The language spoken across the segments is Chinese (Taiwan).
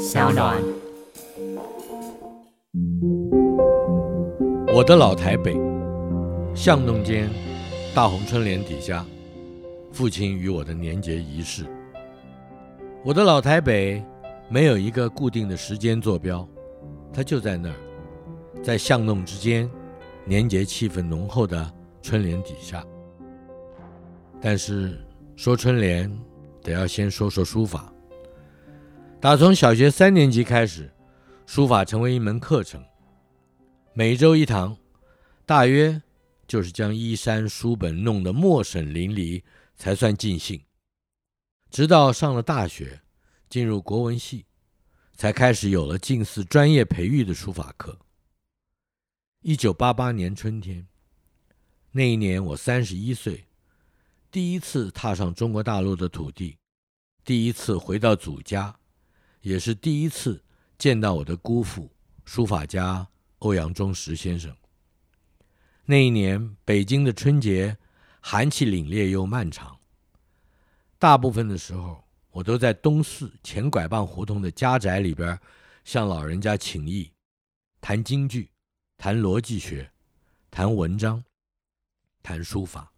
SoundOn，我的老台北，巷弄間大紅春聯底下，父親與我的年節儀式。我的老台北沒有一個固定的時間坐標，它就在那兒，在巷弄之間，年節氣氛濃厚的春聯底下。但是說春聯，得要先說說書法。打從小學三年級開始，書法成為一門課程，每週一堂，大約就是將衣衫、書本弄得墨水淋漓才算盡興。直到上了大學，進入國文系，才開始有了近似專業培育的書法課。一九八八年春天，那一年我三十一歲，第一次踏上中國大陸的土地，第一次回到祖家。也是第一次見到我的姑父，書法家歐陽中石先生。那一年，北京的春節，寒氣凜冽又漫長。大部分的時候，我都在東四前拐棒胡同的家宅裡邊，向老人家請益，談京劇，談邏輯學，談文章，談書法。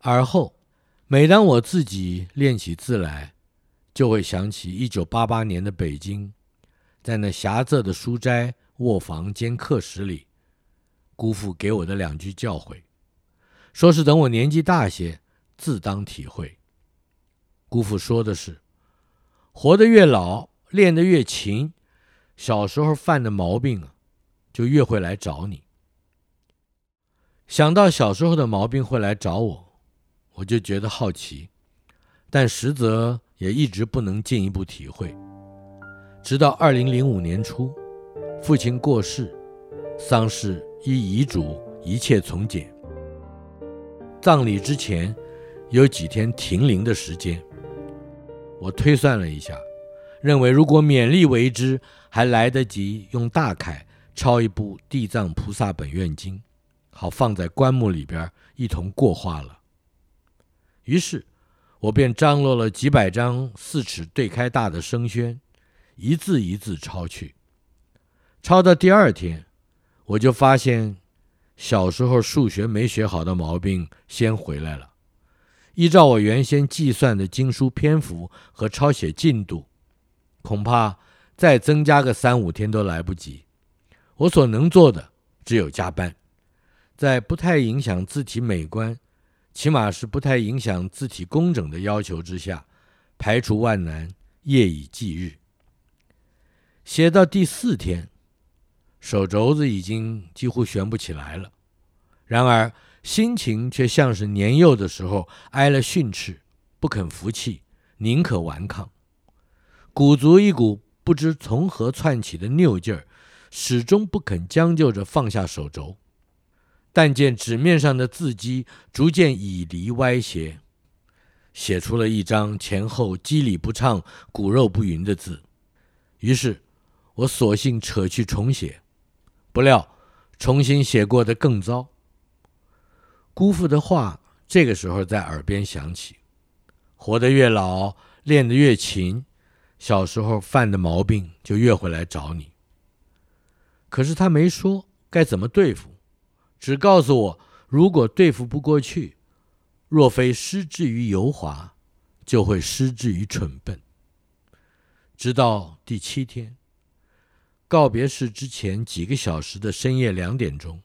而後，每當我自己練起字來。就會想起一九八八年的北京，在那狹窄的書齋、臥房兼課室裡，姑父給我的兩句教誨，說是等我年紀大些，自當體會。姑父說的是，活得越老，練得越勤，小時候犯的毛病啊，就越會來找你。想到小時候的毛病會來找我，我就覺得好奇，但實則。也一直不能進一步體會，直到二零零五年初，父親過世，喪事依遺囑一切從簡。葬禮之前有幾天停靈的時間，我推算了一下，認為如果勉力為之，還來得及用大楷抄一部《地藏菩薩本願經》，好放在棺木裡邊一同過化了。於是。我便張羅了幾百張四尺對開大的生宣，一字一字抄去。抄到第二天，我就發現小時候數學沒學好的毛病先回來了。依照我原先計算的經書篇幅和抄寫進度，恐怕再增加個三五天都來不及。我所能做的只有加班，在不太影響字體美觀。起碼是不太影響字體工整的要求之下，排除萬難，夜以繼日。寫到第四天，手肘子已經幾乎懸不起來了，然而心情卻像是年幼的時候挨了訓斥，不肯服氣，寧可頑抗，鼓足一股不知從何竄起的拗勁兒，始終不肯將就着放下手肘。但見紙面上的字跡逐漸以離歪斜，寫出了一張前後肌理不暢、骨肉不勻的字。於是，我索性扯去重寫。不料，重新寫過的更糟。姑父的話這個時候在耳邊響起：“活得越老，練得越勤，小時候犯的毛病就越會來找你。”可是他沒說該怎麼對付。只告訴我，如果對付不過去，若非失之於油滑，就會失之於蠢笨。直到第七天告別式之前幾個小時的深夜兩點鐘，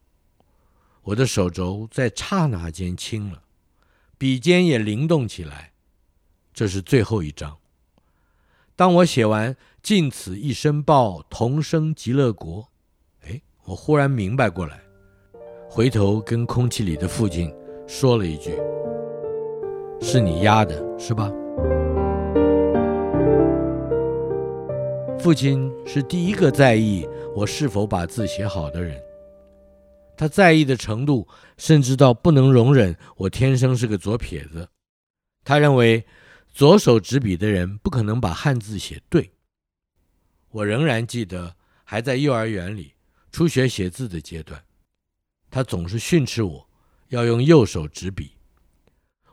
我的手肘在剎那間輕了，筆尖也靈動起來。這是最後一章。當我寫完“盡此一生報同生極樂國”，哎，我忽然明白過來。回頭跟空氣裡的父親說了一句：“是你壓的，是吧？”父親是第一個在意我是否把字寫好的人，他在意的程度甚至到不能容忍我天生是個左撇子。他認為，左手執筆的人不可能把漢字寫對。我仍然記得，還在幼兒園裡初學寫字的階段。他總是訓斥我，要用右手執筆。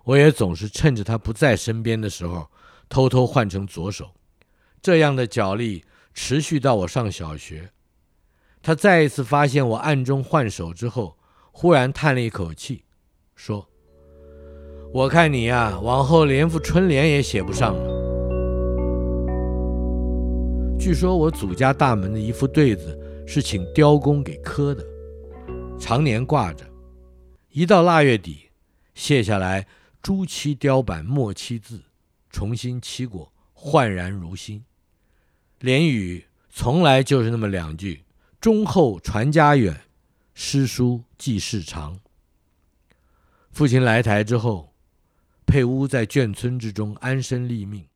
我也總是趁着他不在身邊的時候，偷偷換成左手。這樣的角力持續到我上小學。他再一次發現我暗中換手之後，忽然嘆了一口氣，說：“我看你呀、啊，往後連副春聯也寫不上了。”據說我祖家大門的一副對子是請雕工給刻的。常年掛着，一到臘月底，卸下來朱漆雕版墨漆字，重新漆過，煥然如新。聯語從來就是那麼兩句：忠厚傳家遠，詩書繼世長。父親來台之後，佩屋在眷村之中安身立命，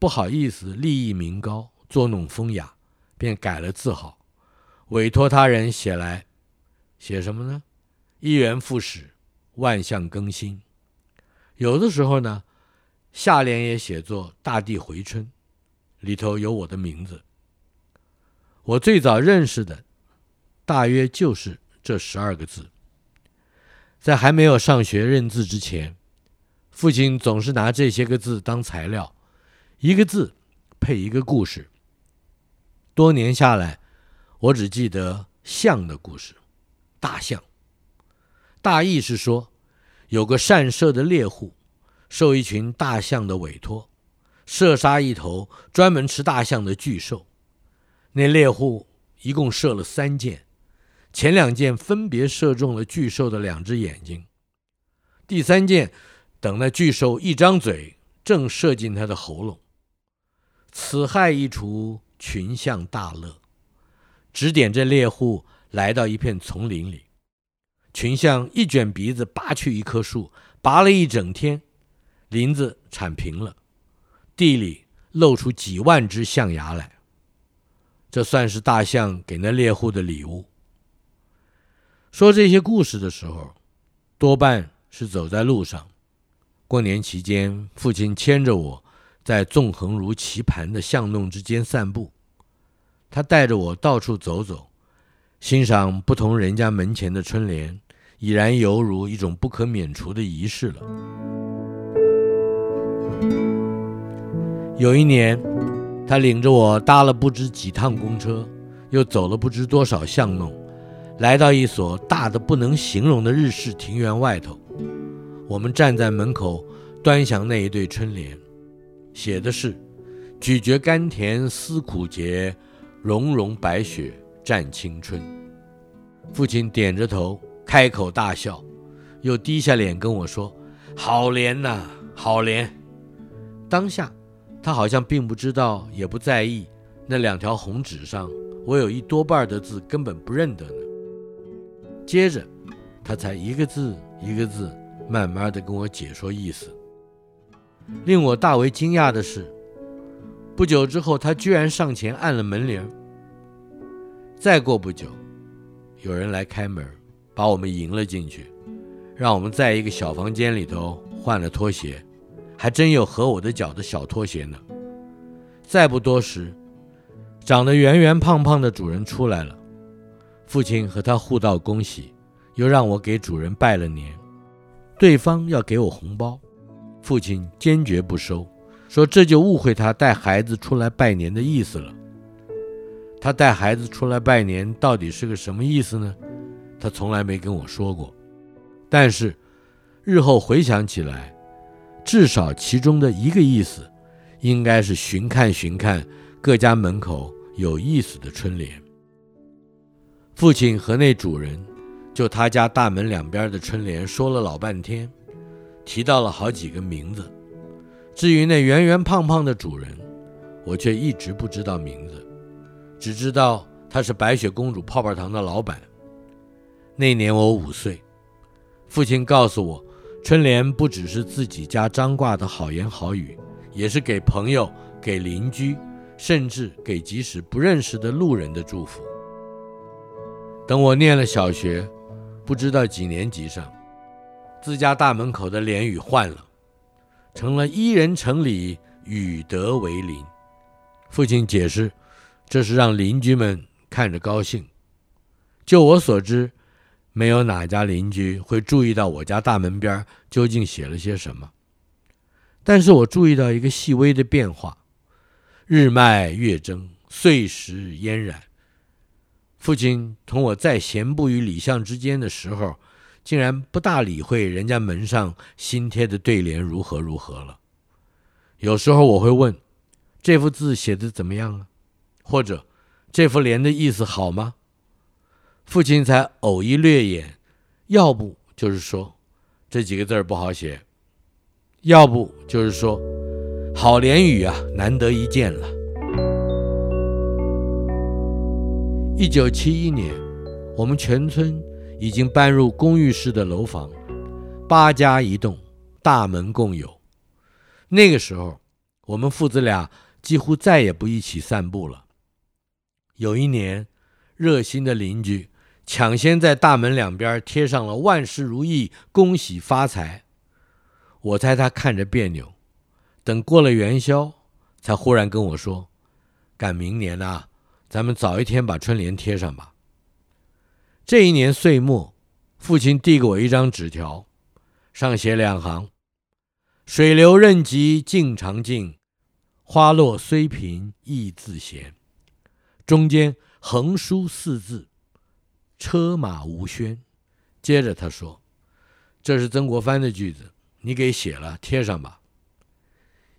不好意思立異鳴高，作弄風雅，便改了字號，委托他人寫來。寫什麼呢？一元復始，萬象更新。有的時候呢，下聯也寫作“大地回春”，裡頭有我的名字。我最早認識的，大約就是這十二個字。在還沒有上學認字之前，父親總是拿這些個字當材料，一個字配一個故事。多年下來，我只記得象的故事。大象，大意是說，有個善射的獵戶，受一群大象的委托，射殺一頭專門吃大象的巨獸。那獵戶一共射了三箭，前兩箭分別射中了巨獸的兩隻眼睛，第三箭等那巨獸一張嘴，正射進它的喉嚨。此害一除，群象大樂，指點這獵戶。來到一片叢林裡，群象一卷鼻子拔去一棵樹，拔了一整天，林子鏟平了，地裡露出幾萬只象牙來。這算是大象給那獵戶的禮物。說這些故事的時候，多半是走在路上。過年期間，父親牽着我在縱橫如棋盤的巷弄之間散步，他帶着我到處走走，欣賞不同人家門前的春聯，已然猶如一種不可免除的儀式了。有一年，他領着我搭了不知幾趟公車，又走了不知多少巷弄，來到一所大得不能形容的日式庭園外頭。我們站在門口，端詳那一對春聯，寫的是：“咀嚼甘甜思苦節，融融白雪。”戰青春。父親點着頭，開口大笑，又低下臉跟我說：“好聯吶、啊，好聯。”當下，他好像並不知道，也不在意那兩條紅紙上我有一多半的字根本不認得呢。接着，他才一個字一個字慢慢地跟我解說意思。令我大為驚訝的是，不久之後，他居然上前按了門鈴。再過不久，有人來開門，把我們迎了進去，讓我們在一個小房間裡頭換了拖鞋，還真有合我的腳的小拖鞋呢。再不多時，長得圓圓胖胖的主人出來了，父親和他互道恭喜，又讓我給主人拜了年。對方要給我紅包，父親堅決不收，說這就誤會他帶孩子出來拜年的意思了。他帶孩子出來拜年，到底是個什麼意思呢？他從來沒跟我說過。但是日後回想起來，至少其中的一個意思，應該是尋看尋看各家門口有意思的春聯。父親和那主人，就他家大門兩邊的春聯說了老半天，提到了好幾個名字。至於那圓圓胖胖的主人，我卻一直不知道名字。只知道他是白雪公主泡泡糖的老闆。那年我五歲，父親告訴我，春聯不只是自己家張掛的好言好語，也是給朋友、給鄰居，甚至給即使不認識的路人的祝福。等我念了小學，不知道幾年級上，自家大門口的聯語換了，成了一人城里，與德為鄰。父親解釋。這是讓鄰居們看着高興。就我所知，沒有哪家鄰居會注意到我家大門邊究竟寫了些什麼。但是我注意到一個細微的變化：日邁月征，歲時煙然。父親同我在閒步於里巷之間的時候，竟然不大理會人家門上新貼的對聯如何如何了。有時候我會問：“這幅字寫得怎麼樣了、啊？或者，這副聯的意思好嗎？父親才偶一略眼，要不就是說這幾個字不好寫，要不就是說好聯語啊，難得一見了。一九七一年，我們全村已經搬入公寓式的樓房，八家一棟，大門共有。那個時候，我們父子倆幾乎再也不一起散步了。有一年，熱心的鄰居搶先在大門兩邊貼上了“萬事如意”“恭喜發財”。我猜他看着別扭，等過了元宵，才忽然跟我說：“趕明年啊，咱們早一天把春聯貼上吧。”這一年歲末，父親遞給我一張紙條，上寫兩行：“水流任急境常靜，花落雖頻意自閒。”中間橫書四字“車馬無喧”，接着他說：“這是曾國藩的句子，你給寫了貼上吧。”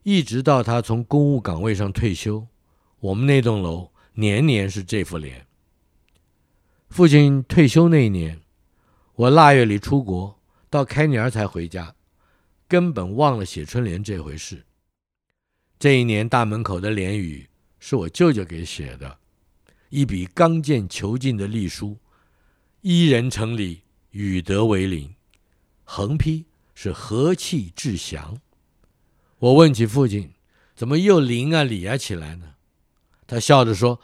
一直到他從公務崗位上退休，我們那棟樓年年是這副聯。父親退休那一年，我臘月裡出國，到開年才回家，根本忘了寫春聯這回事。這一年大門口的聯語是我舅舅給寫的。一筆剛健遒勁的隸書，一人成禮，與德為鄰，橫批是和氣致祥。我問起父親，怎麼又鄰啊禮啊起來呢？他笑着說：“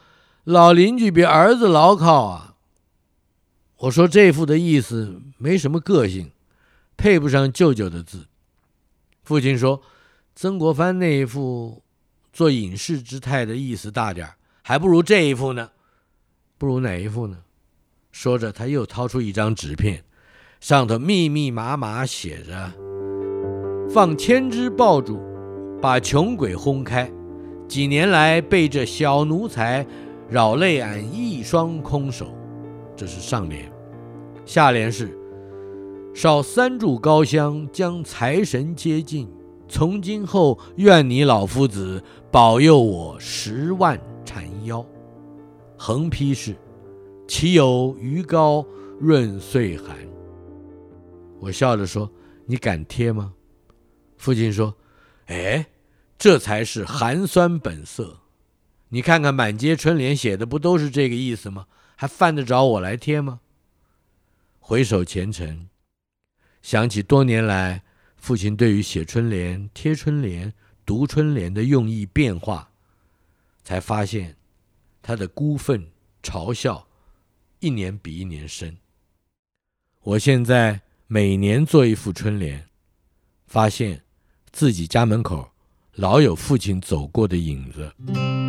老鄰居比兒子牢靠啊。”我說：“這幅的意思沒什麼個性，配不上舅舅的字。”父親說：“曾國藩那一副，做隱士之態的意思大點，還不如這一副呢。”不如哪一副呢？說着，他又掏出一張紙片，上頭密密麻麻寫着：“放千枝爆竹，把窮鬼轟開。幾年來被這小奴才擾累俺一雙空手。”這是上聯，下聯是：“燒三炷高香，將財神接進，從今後，願你老夫子保佑我十萬纏腰。”橫批是“豈有餘膏潤歲寒”。我笑着說：“你敢貼嗎？”父親說：“哎，這才是寒酸本色。你看看滿街春聯寫的不都是這個意思嗎？還犯得着我來貼嗎？”回首前程，想起多年來父親對於寫春聯、貼春聯、讀春聯的用意變化，才發現。他的孤憤、嘲笑，一年比一年深。我現在每年做一副春聯，發現自己家門口老有父親走過的影子。